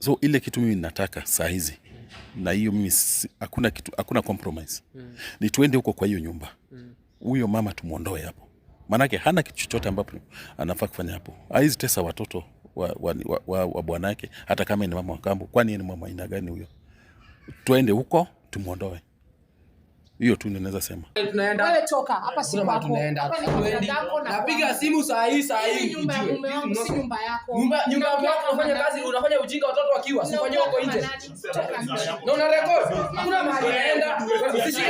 So ile kitu mimi nataka saa hizi na hiyo mimi hakuna kitu, hakuna compromise mm. Ni tuende huko kwa hiyo nyumba mm. huyo mm. Mama tumwondoe hapo, maanake hana kitu chochote ambapo anafaa kufanya hapo. aizi tesa watoto wa, wa, wa, wa, wa yake hata kama ni mama wa kambo. Kwani ni mama aina gani huyo? Tuende huko tumwondoe. Hiyo tu ndio naweza sema. Wewe toka hapa, si kwako. Tunaenda. Napiga simu saa hii saa hii, yaani si nyumba yako. Nyumba nyumba yako, unafanya kazi, unafanya ujinga watoto wakiwa, sifanye nje. Na una record. Kuna mahali unaenda. Yaani Sisi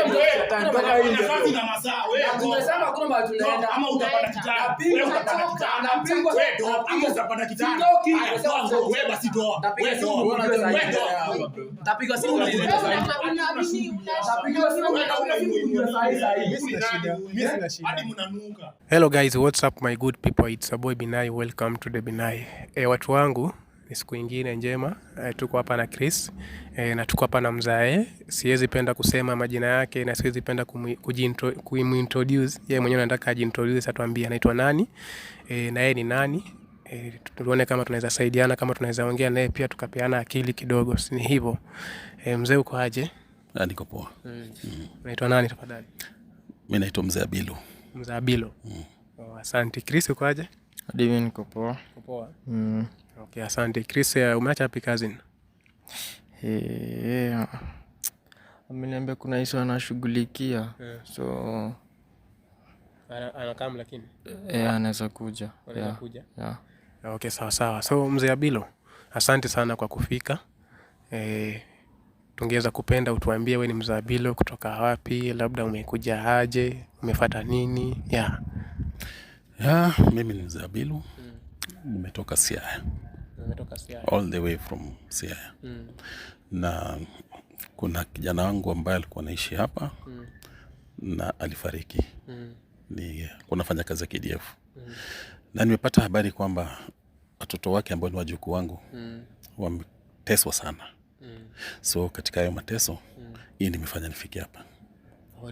Hello guys, what's up my good people? It's a boy Binai. Welcome to the Binai. Eh, watu wangu ni siku ingine njema. E, tuko hapa na Chris e, na tuko hapa na mzae. Siwezi penda kusema majina yake na siwezi penda kumintroduce yeye mwenyewe, anataka ajintroduce, atuambie anaitwa nani e, na yeye ni nani e, tuone kama tunaweza saidiana, kama tunaweza ongea naye pia tukapeana akili kidogo, si ni hivyo e, mzee uko aje? Ah, niko poa. Mm. Mm. Naitwa nani tafadhali? Mi naitwa mzee Abilo. Mzee Abilo. Mm. Oh, asante. Chris uko aje? Niko poa. Poa. Mm. Okay, asante Chris. Uh, umeacha wapi cousin? Yeah. Eh, ameniambia kuna isu anashughulikia yeah. So anakam lakini yeah, anaweza kuja yeah. kuja yeah. Okay, sawa sawa. So mzee Abilo, asante sana kwa kufika e, tungeweza kupenda utuambie we ni mzee Abilo kutoka wapi, labda umekuja aje, umefata nini? yeah. Yeah, mimi ni mzee Abilo, mm. nimetoka Siaya. Umetoka Siaya? All the way from Siaya. Mm. Na kuna kijana wangu ambaye alikuwa anaishi hapa mm. na alifariki mm. ni kunafanya kazi ya KDF mm. na nimepata habari kwamba watoto wake ambao ni wajukuu wangu mm. wameteswa sana mm. so katika hayo mateso mm. hii nimefanya nifike hapa.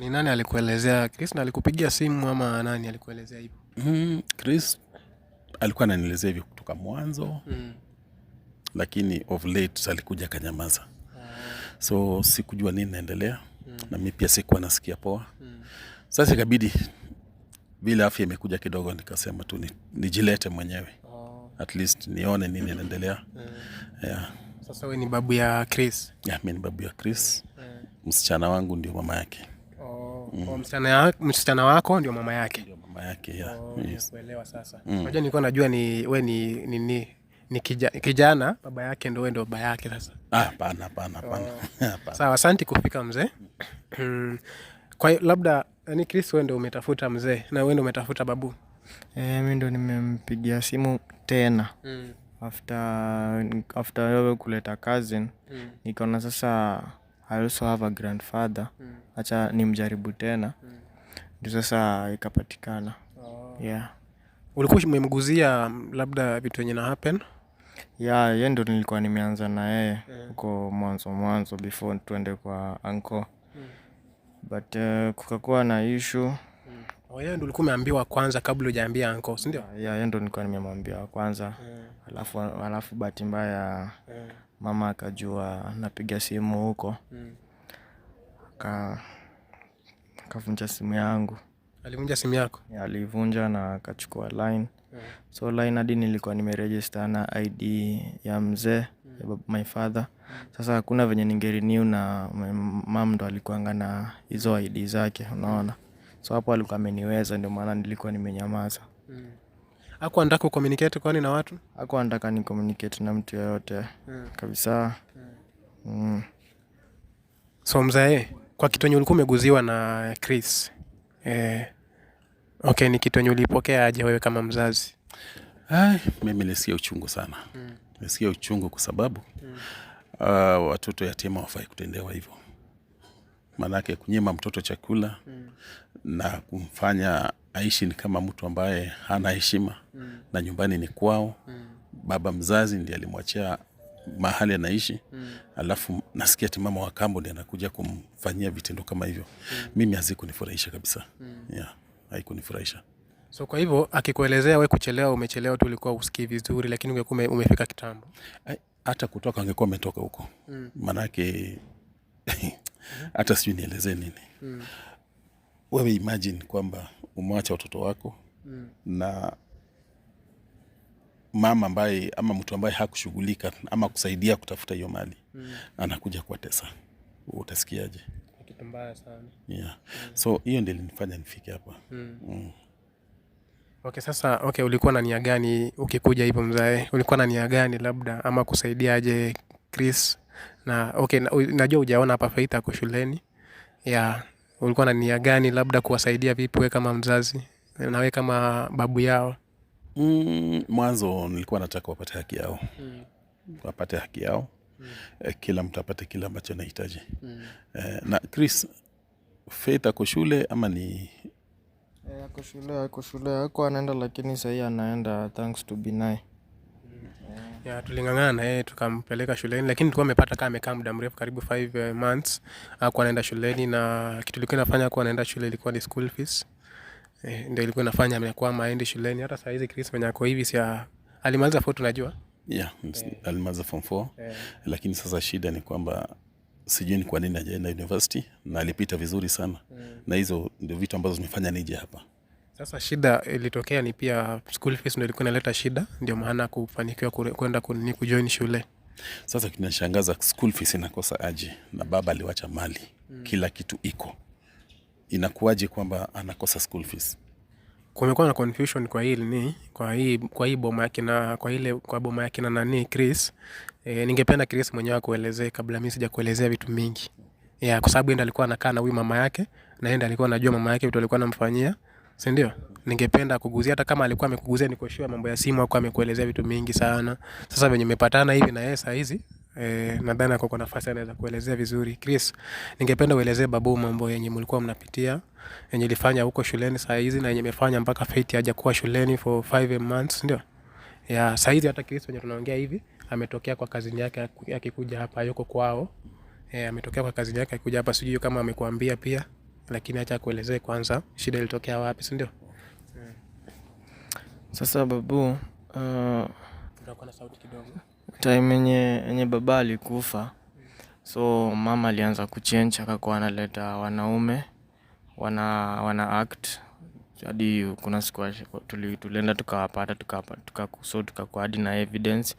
Ni nani alikuelezea? Chris na alikupigia simu ama nani alikuelezea hivyo? Mm, Chris alikuwa ananielezea hivyo kutoka mwanzo mm. Lakini of late alikuja akanyamaza ah. So sikujua nini naendelea mm. Na mi pia sikuwa nasikia poa mm. Sasa ikabidi vile afya imekuja kidogo, nikasema tu nijilete mwenyewe oh. At least nione nini naendelea mm. yeah. Sasa ni babu ya Chris? Yeah, mi ni babu ya Chris mm. Msichana wangu ndio mama yake oh. mm. Oh, msichana, msichana wako ndio mama yake? baba yake ya. Nimekuelewa Oh, yes. Sasa mm. unajua Mm. nilikuwa najua ni we ni ni, ni, ni kijana, kijana baba yake ndo wewe ndo baba yake sasa. Ah, hapana hapana hapana. Oh. Sawa, asante kufika mzee. Mm. Kwa hiyo labda ni Chris wewe ndo umetafuta mzee na wewe ndo umetafuta babu. Eh, mimi ndo nimempigia simu tena. Mm. After after wewe kuleta cousin mm. Nikaona sasa I also have a grandfather mm. Acha nimjaribu tena mm ndio sasa ikapatikana. Oh. Yeah. Ulikuwa umemguzia labda vitu yenye na happen? Yeah, yeye ndo nilikuwa nimeanza na yeye huko mwanzo mwanzo before tuende kwa anko. Mm. But uh, kukakuwa na issue. Mm. Oh, yeye ndo ulikuwa umeambiwa kwanza kabla hujaambia anko, si ndio? Yeah, yeye ndo nilikuwa nimemwambia kwanza. Yeah. Alafu alafu bahati mbaya yeah. Mama akajua napiga simu huko. Mm akavunja simu yangu. Alivunja simu yako? ya, Alivunja na akachukua line yeah. So line hadi nilikuwa nimerejista na ID ya mzee mm. yeah. my father sasa hakuna venye ningeriniu na mam ndo alikuanga na hizo ID zake, unaona. So hapo alikuwa ameniweza, ndio maana nilikuwa nimenyamaza mm. Hakuwa anataka kucommunicate kwani na watu, hakuwa anataka ni communicate na mtu yoyote mm. kabisa mm. Mm. So mzee kwa kitu enye ulikuwa umeguziwa na Chris eh, okay, ni kitu enye ulipokea aje wewe kama mzazi? Ay, mimi lisikia uchungu sana mm. Nilisikia uchungu kwa sababu mm. uh, watoto yatima wafai kutendewa hivyo, maanake kunyima mtoto chakula mm. na kumfanya aishi ni kama mtu ambaye hana heshima mm. na nyumbani ni kwao mm. Baba mzazi ndi alimwachia mahali anaishi mm. Alafu nasikia ti mama wa kambo ndi anakuja kumfanyia vitendo kama hivyo mm. Mimi kunifurahisha kabisa mm. Yeah, haikunifurahisha. So kwa hivyo akikuelezea we kuchelewa, umechelewa tu, ulikuwa usikii vizuri, lakini ungekuwa umefika kitambo. Eh, hata kutoka angekuwa ametoka huko mm. hata sijui nielezee nini mm. Wewe imagine kwamba umewacha watoto wako mm. na mama ambaye ama mtu ambaye hakushughulika ama kusaidia kutafuta hiyo mali mm. anakuja kuwatesa, utasikiaje? Kitu mbaya sana yeah. mm. so hiyo ndio ilinifanya nifike hapa mm. mm. Okay, sasa okay, ulikuwa na nia gani ukikuja hivyo mzae? Ulikuwa na nia gani labda ama kusaidiaje Chris? Na okay, najua ujaona hapa Faith ako shuleni yeah. Ulikuwa na nia gani labda kuwasaidia vipi we kama mzazi na we kama babu yao? Mm, mwanzo nilikuwa nataka wapate haki yao mm. wapate haki yao mm. Eh, kila mtu apate kile ambacho anahitaji mm. Eh, na Chris, Faith ako shule ama ni eh, ako shule? Ako shule ako anaenda, lakini sahii anaenda thanks to Binai mm. Yeah, tuling'ang'ana naye tukampeleka shuleni, lakini tulikuwa amepata kaa amekaa muda mrefu karibu 5 months, hakuwa anaenda shuleni, na kitu likuwa inafanya kuwa anaenda shule ilikuwa ni school fees Eh, ndio ilikuwa inafanya amekwama aende shuleni. Hata saa hizi Chris Menyako hivi sia alimaliza fo tunajua. Yeah, eh, alimaliza form 4. yeah. Lakini sasa shida ni kwamba sijui ni kwa nini ajaenda university na alipita vizuri sana. Mm. Na hizo ndio vitu ambazo zimefanya nije hapa. Sasa shida ilitokea ni pia school fees ndio ilikuwa inaleta shida, ndio maana kufanikiwa kwenda ni kujoin shule. Sasa kinashangaza school fees inakosa aji na baba aliwacha mali. Mm. Kila kitu iko inakuaje kwamba anakosa school fees? Kumekuwa na confusion kwa hili ni kwa hii kwa hii boma yake na kwa ile kwa boma yake na nani Chris. E, ningependa Chris mwenyewe akuelezee kabla mimi sija kuelezea vitu mingi. Yeah, kwa sababu yeye alikuwa anakaa na huyu mama yake na yeye alikuwa anajua mama yake vitu alikuwa anamfanyia, si ndio? Ningependa kuguzia hata kama alikuwa amekuguzia nikoshua mambo ya simu au amekuelezea vitu mingi sana. Sasa venye mepatana hivi na yeye saa hizi Eh, nadhani ako kwa nafasi anaweza kuelezea vizuri. Chris, ningependa uelezee babu mambo yenye mlikuwa mnapitia yenye ilifanya huko shuleni saa hizi na yenye imefanya mpaka Faith hajakuwa shuleni for 5 months, ndio ya saa hizi. Hata Chris wenye tunaongea hivi ametokea kwa kazini yake akikuja hapa, yuko kwao e, ametokea kwa kazini yake akikuja hapa, sijui kama amekuambia pia, lakini acha kuelezee kwanza shida ilitokea wapi, sindio Sasa babu uh... Time yenye baba alikufa so mama alianza kuchange akakuwa analeta wanaume wana act hadi kuna siku tulienda tukawapata so tukakua hadi na evidence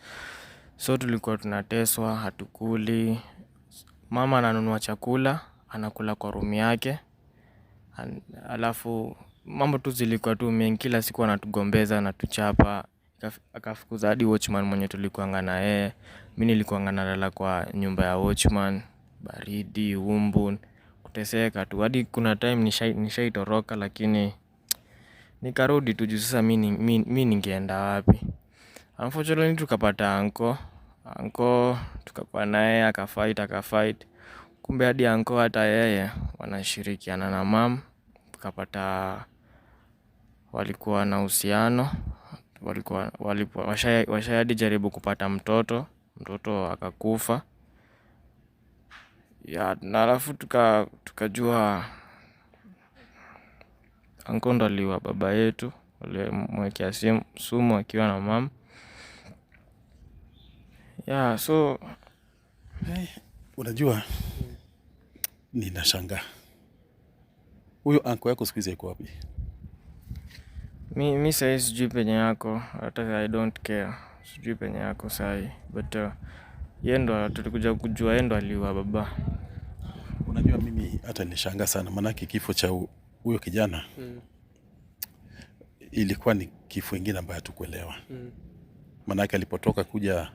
so tulikuwa tunateswa hatukuli mama ananunua chakula anakula kwa rumi yake alafu mambo tu zilikuwa tu mengi kila siku anatugombeza anatuchapa. Akafukuza hadi watchman mwenye tulikuanga na yeye. Mi nilikuanga nalala kwa nyumba ya watchman. Baridi, umbu, kuteseka tu hadi kuna time nishaitoroka lakini nikarudi tu juu sasa mi ningeenda wapi. Unfortunately tukapata anko anko tukakuwa na yeye akafight akafight. Kumbe hadi anko hata yeye wanashirikiana na mam Tukapata walikuwa na uhusiano walikuwa washayadi jaribu kupata mtoto, mtoto akakufa ya, na alafu tuka tukajua anko ndo aliwa baba yetu, walimwekea sumu akiwa na mama ya so hey, eh, unajua Ninashangaa huyo anko yako siku hizi wapi? Mi, mi sahi sijui penye yako hata I don't care, sijui penye yako sahi but uh, yendo tulikuja kujua yendo ndo baba. Unajua mimi hata nishanga sana, maanake kifo cha huyo kijana mm. ilikuwa ni kifo ingine ambayo hatukuelewa mm. maanake alipotoka kuja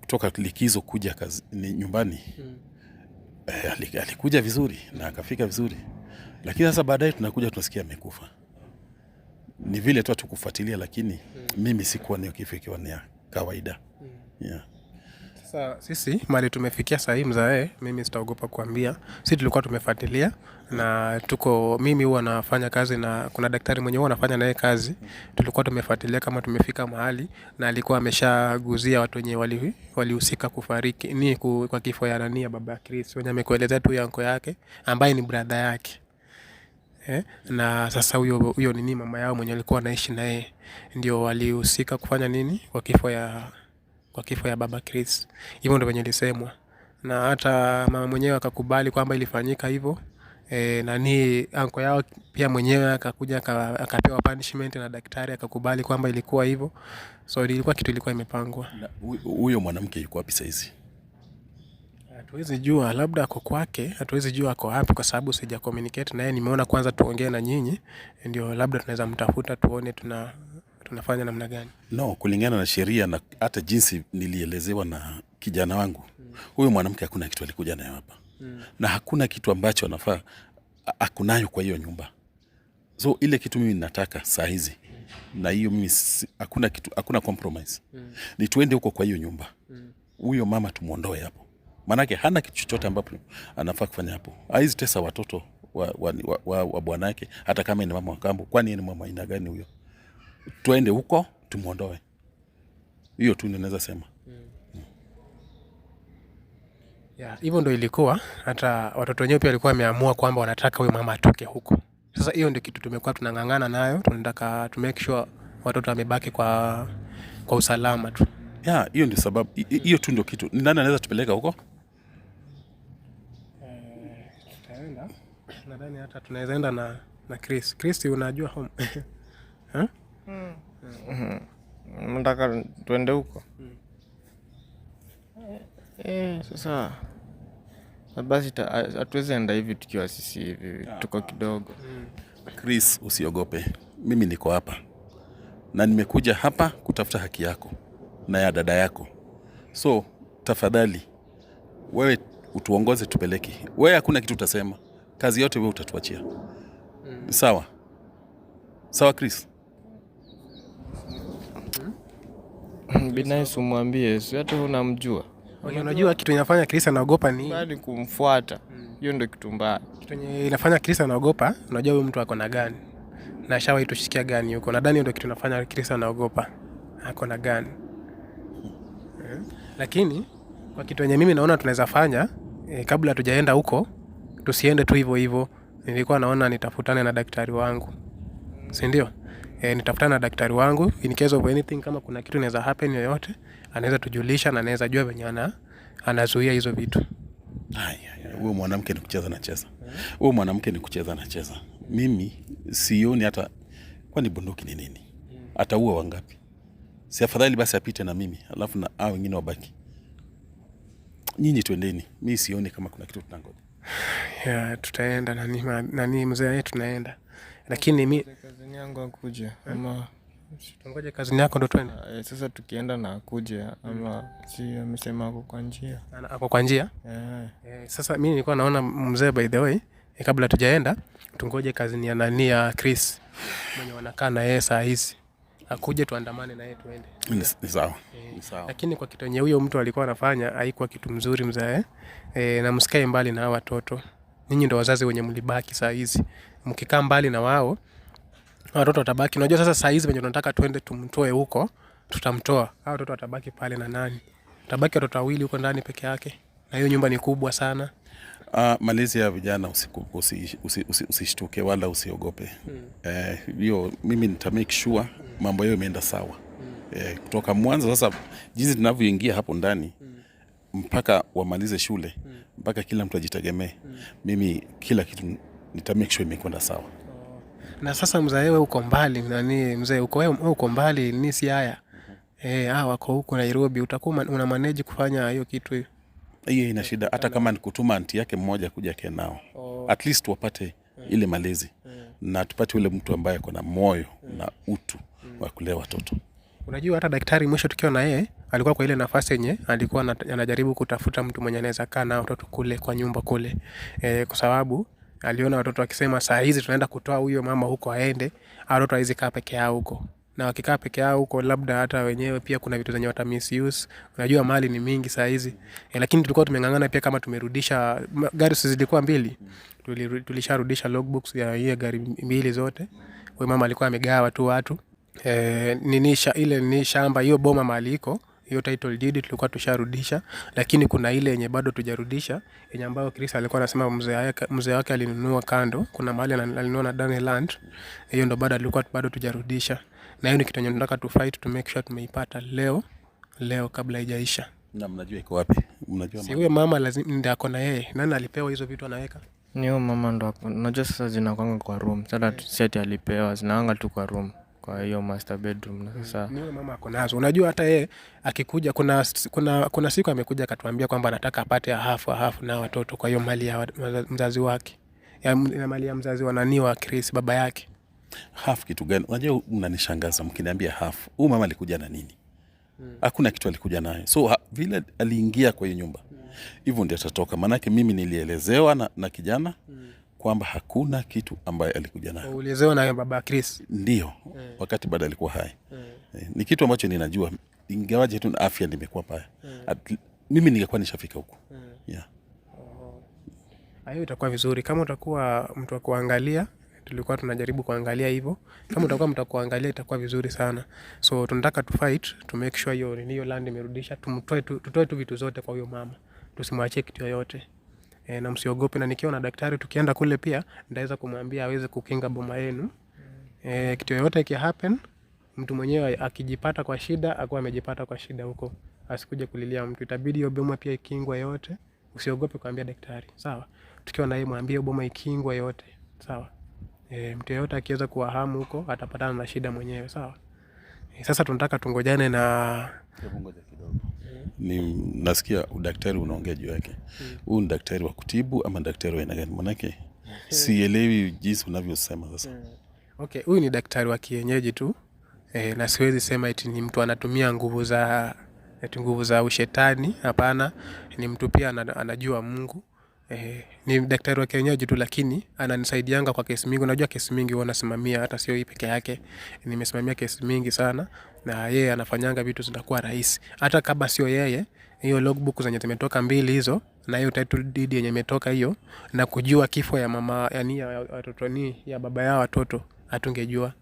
kutoka likizo kuja kazi, ni nyumbani mm. eh, alikuja vizuri na akafika vizuri, lakini sasa baadaye tunakuja tunasikia amekufa ni vile tu tukufuatilia, lakini mm. mimi sikuwa ni kifo nikifikiwa ni ya kawaida mm. yeah. Sasa sisi mali tumefikia sahii mzae, mimi sitaogopa kuambia, sisi tulikuwa tumefuatilia na tuko, mimi huwa nafanya kazi na kuna daktari mwenye huwa anafanya naye kazi. Tulikuwa tumefuatilia kama tumefika mahali, na alikuwa ameshaguzia watu wenye walihusika wali kufariki ni kwa kifo ya nani ya baba Chris, wenye amekuelezea tu yanko yake ambaye ni brother yake Eh, na sasa huyo huyo nini mama yao mwenye alikuwa anaishi naye ndio walihusika kufanya nini kwa kifo ya kwa kifo ya baba Chris. Hivyo ndio venye ilisemwa, na hata mama mwenyewe akakubali kwamba ilifanyika hivyo. E, eh, nani anko yao pia mwenyewe akakuja akapewa punishment na daktari akakubali kwamba ilikuwa hivyo, so ilikuwa kitu ilikuwa imepangwa. Huyo mwanamke yuko wapi saizi? Hatuwezi jua labda ako kwake, hatuwezi jua ako wapi kwa sababu sija communicate naye. Nimeona kwanza tuongee na nyinyi ndio labda tunaweza mtafuta tuone tuna tunafanya namna gani. No, kulingana na sheria na hata jinsi nilielezewa na kijana wangu hmm. huyu hmm. Mwanamke hakuna kitu alikuja nayo hapa hmm. Na hakuna kitu ambacho anafaa akunayo kwa hiyo nyumba, so ile kitu mimi nataka saa hizi na hiyo mimi hakuna kitu, hakuna compromise mm. Ni tuende huko kwa hiyo nyumba hmm. huyo mm. Mama tumwondoe hapo Manake hana kitu chochote ambapo anafaa kufanya hapo. Haizi tesa watoto wa, wa, wa, wa, wa hata kama ni mama wa kambo. Kwani ni mama aina gani huyo? Twende huko tumwondoe. Hiyo tu ninaweza sema hmm. hivyo ndo ilikuwa. Hata watoto wenyewe pia walikuwa wameamua kwamba wanataka huyo mama atoke huko. Sasa hiyo ndio kitu tumekuwa tunang'ang'ana nayo, tunataka to make sure watoto wamebaki kwa, kwa usalama tu. Yeah, hiyo ndio sababu hiyo tu ndio kitu. Ni nani anaweza tupeleka huko? nadhani hata tunaweza enda na na Chris. Chris unajua home hmm. Hmm. Hmm. Eh? Mm. Mm. Nataka tuende huko Eh, sasa basi hatuwezi enda hivi tukiwa sisi hivi tuko kidogo Chris, usiogope, mimi niko hapa na nimekuja hapa kutafuta haki yako na ya dada yako, so tafadhali wewe utuongoze tupeleke. Wewe hakuna kitu utasema kazi yote wewe utatuachia. mm. Sawa sawa, Chris. Hmm. Binafsi umwambie si hata unamjua. Unajua kitu inafanya Chris anaogopa ni bali kumfuata mm. hiyo, mm. ndio kitu mbaya. Kitu inafanya Chris anaogopa, unajua huyo mtu ako na gani na shawa itushikia gani huko, nadhani ndio kitu inafanya Chris anaogopa ako na gani hmm. Lakini kwa kitu yenye mimi naona tunaweza fanya eh, kabla hatujaenda huko tusiende tu hivyo hivyo. Nilikuwa naona nitafutane na daktari wangu, si ndio? E, nitafutana na daktari wangu in case of anything, kama kuna kitu inaweza happen yoyote, anaweza tujulisha na anaweza jua venye ana anazuia hizo vitu. Haya, huyo mwanamke ni kucheza na cheza, huyo mwanamke ni kucheza na cheza. Mimi sioni hata, kwani bunduki ni nini? Ataua wangapi? Si afadhali basi apite na mimi alafu na wengine wabaki. Nyinyi twendeni, mi sioni kama kuna kitu tunangoja ya tutaenda nani, nani mzee tunaenda, lakini mi kazini yangu ama tungoje kazini yako ndo eh, sasa tukienda na akuje ama si amesema ako kwa njia, ako kwa njia yeah. Eh, sasa mi nilikuwa naona mzee, by the way eh, kabla tujaenda tungoje kazini ya nani ya Chris mwenye wanakaa na yeye saa hizi akuje tuandamane naye tuende. Ni sawa. Eh, ni sawa. Lakini kwa kitu huyo mtu alikuwa anafanya haikuwa kitu mzuri mzae. E, na msikae mbali na watoto. Ninyi ndio wazazi wenye mlibaki saa hizi. Mkikaa mbali na wao watoto watabaki. Unajua sasa saa hizi wenye tunataka tuende tumtoe huko tutamtoa. Hao watoto watabaki pale na nani? Tabaki watoto wawili huko ndani peke yake. Na hiyo nyumba ni kubwa sana. Uh, malezi ya vijana usishtuke usi, usi, usi, usi wala usiogope hiyo. hmm. Eh, mimi nita make sure hmm. mambo yao imeenda sawa hmm. Eh, kutoka mwanzo sasa jinsi tunavyoingia hapo ndani hmm. mpaka wamalize shule hmm. mpaka kila mtu ajitegemee hmm. mimi kila kitu nita make sure imekwenda sawa. Oh. Na sasa mzee, wewe uko mbali nani, mzee uko wewe uko mbali ni si haya mhm. eh, wako huko Nairobi, utakuwa una manage kufanya hiyo kitu hiyo hiyo ina shida, hata kama ni kutuma anti yake mmoja kuja ke nao oh. At least wapate ile malezi yeah. Hmm. Na tupate ule mtu ambaye ako na moyo yeah. Hmm. na utu wa kulea watoto. Unajua, hata daktari mwisho tukiwa na yeye alikuwa kwa ile nafasi yenye alikuwa anajaribu kutafuta mtu mwenye anaweza kaa na watoto kule kwa nyumba kule e, kwa sababu aliona watoto akisema saa hizi tunaenda kutoa huyo mama huko aende, watoto hawezi kaa peke yao huko na wakikaa peke yao huko, labda hata wenyewe pia kuna vitu zenye wata misuse. Unajua mali ni mingi saa hizi e, lakini tulikuwa tumeng'ang'ana pia, kama tumerudisha gari zilikuwa mbili, tulisharudisha logbooks ya hiyo gari mbili zote. Huyo mama alikuwa amegawa tu watu e, eh, ninisha, ile ni shamba hiyo boma mali iko hiyo title deed tulikuwa tusharudisha, lakini kuna ile yenye bado tujarudisha, yenye ambayo Chris alikuwa anasema mzee wake alinunua kando, kuna mahali alinunua na Daniel Land, hiyo ndo bado alikuwa bado tujarudisha na hiyo ni kitu yenye tunataka tu fight to make sure tumeipata leo leo kabla haijaisha. Na mnajua iko wapi? Mnajua si huyo mama lazima ndio akona yeye. Nani alipewa hizo vitu anaweka? Ni huyo mama ndo Unajua sasa zinakwanga kwa room. Sasa yeah. Seti alipewa zinaanga tu kwa room kwa hiyo master bedroom na sasa ni huyo mama ako nazo. Unajua hata yeye akikuja, kuna, kuna, kuna siku amekuja akatuambia kwamba anataka apate hafu half na watoto, kwa hiyo mali ya mzazi wake ya, mali ya mzazi wa nani wa Chris baba yake hafu kitu gani? Unajua, unanishangaza mkiniambia hafu. Huyu mama alikuja na nini? Hakuna kitu alikuja nayo, so ha, vile aliingia kwa hiyo nyumba hivyo ndio atatoka. Maanake mimi nilielezewa na, na kijana kwamba hakuna kitu ambayo alikuja nayo. Ulielezewa na baba Chris? Ndio, eh. wakati bado alikuwa hai. Eh. Eh, ni kitu ambacho ninajua, ingawaje tu afya nimekuwa mbaya, mimi ningekuwa nishafika huko yeah. Hiyo oh. itakuwa vizuri kama utakuwa mtu wa kuangalia tulikuwa tunajaribu kuangalia hivyo. Kama utakuwa mtakuangalia itakuwa vizuri sana. So tunataka tu fight to make sure hiyo hiyo land imerudisha, tumtoe tutoe tu vitu zote kwa huyo mama, tusimwachie kitu yoyote. E, na msiogope, na nikiwa na daktari tukienda kule pia ndaweza kumwambia aweze kukinga boma yenu. E, kitu yoyote kia happen mtu mwenyewe akijipata kwa shida akuwa amejipata kwa shida huko, asikuje kulilia mtu. Itabidi hiyo boma pia ikingwe yote. Usiogope kuambia daktari, sawa? Tukiwa naye mwambie boma ikingwe yote, sawa? E, mtu yeyote akiweza kuwahamu huko atapatana na shida mwenyewe sawa. E, sasa tunataka tungojane na ni nasikia udaktari unaongea juu yake. Hmm. Huu ni daktari wa kutibu ama daktari wa aina gani? Manake hmm. sielewi jinsi unavyosema sasa. Hmm. Okay, huyu ni daktari wa kienyeji tu e, na siwezi sema eti ni mtu anatumia nguvu za eti nguvu za ushetani. Hapana, ni mtu pia anajua Mungu Eh, ni daktari wa kienyeji tu lakini ananisaidianga kwa kesi mingi. Unajua kesi mingi huwa nasimamia, hata sio hii peke yake. Nimesimamia kesi mingi sana, na yeye anafanyanga vitu zinakuwa rahisi. Hata kama sio yeye, hiyo logbook zenye zimetoka mbili hizo na hiyo title deed yenye imetoka hiyo, na kujua kifo ya mama yani ya watoto ni ya baba yao watoto, hatungejua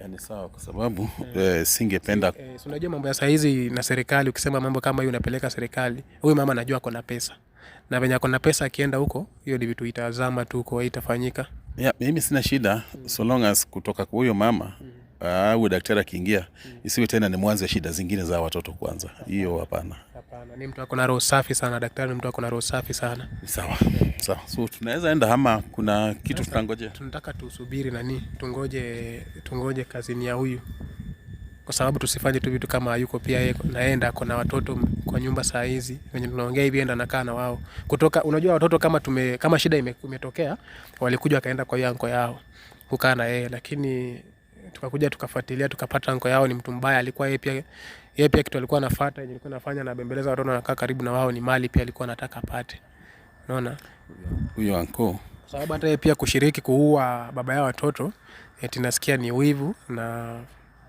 eh, ni sawa kwa sababu yeah. Eh, singependa eh, unajua mambo ya saa hizi na serikali, ukisema mambo kama hiyo unapeleka serikali. Huyu mama anajua ako na pesa na venye ako na pesa akienda huko, hiyo ni vitu itazama tu kwa itafanyika. Yeah, mimi sina shida so long as kutoka kwa huyo mama mm-hmm. au uh, daktari akiingia, mm-hmm. isiwe tena ni mwanzo ya shida zingine za watoto kwanza. Hiyo hapana, hapana. Ni mtu ako na roho safi sana, daktari ni mtu ako na roho safi sana. Sawa sawa, so tunaweza enda ama kuna kitu tunangoje tunataka tusubiri nani, tungoje, tungoje kazini ya huyu kwa sababu tusifanye tu vitu kama yuko pia yeye naenda ako na watoto kwa nyumba saa hizi wenye tunaongea hivi enda nakaa na wao kutoka unajua watoto kama tume kama shida imetokea walikuja wakaenda kwa hiyo anko yao kukaa na yeye lakini tukakuja tukafuatilia tukapata anko yao ni mtu mbaya alikuwa yeye pia yeye pia kitu alikuwa anafuata yenye alikuwa anafanya na bembeleza watoto anakaa karibu na wao ni mali pia alikuwa anataka apate unaona huyo anko kwa sababu hata yeye pia kushiriki kuua baba yao watoto eti nasikia ni wivu na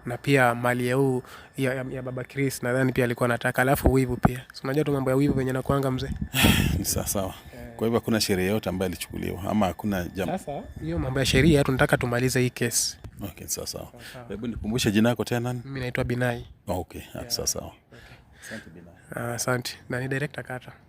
na pia mali ya huu ya, ya, ya baba Chris nadhani pia alikuwa anataka, alafu wivu pia, si unajua tu mambo ya wivu venye nakuanga mzee. Ni sawa sawa. Eh. Kwa hivyo hakuna sheria yote ambayo ilichukuliwa ama hakuna jambo. Sasa hiyo mambo ya sheria tunataka tumalize hii kesi. Okay, sawa sawa. Hebu nikumbushe jina lako tena nani? Mimi naitwa Binai. Okay, ah, sawa sawa. Asante Binai. Ah, asante. Na ni director kata.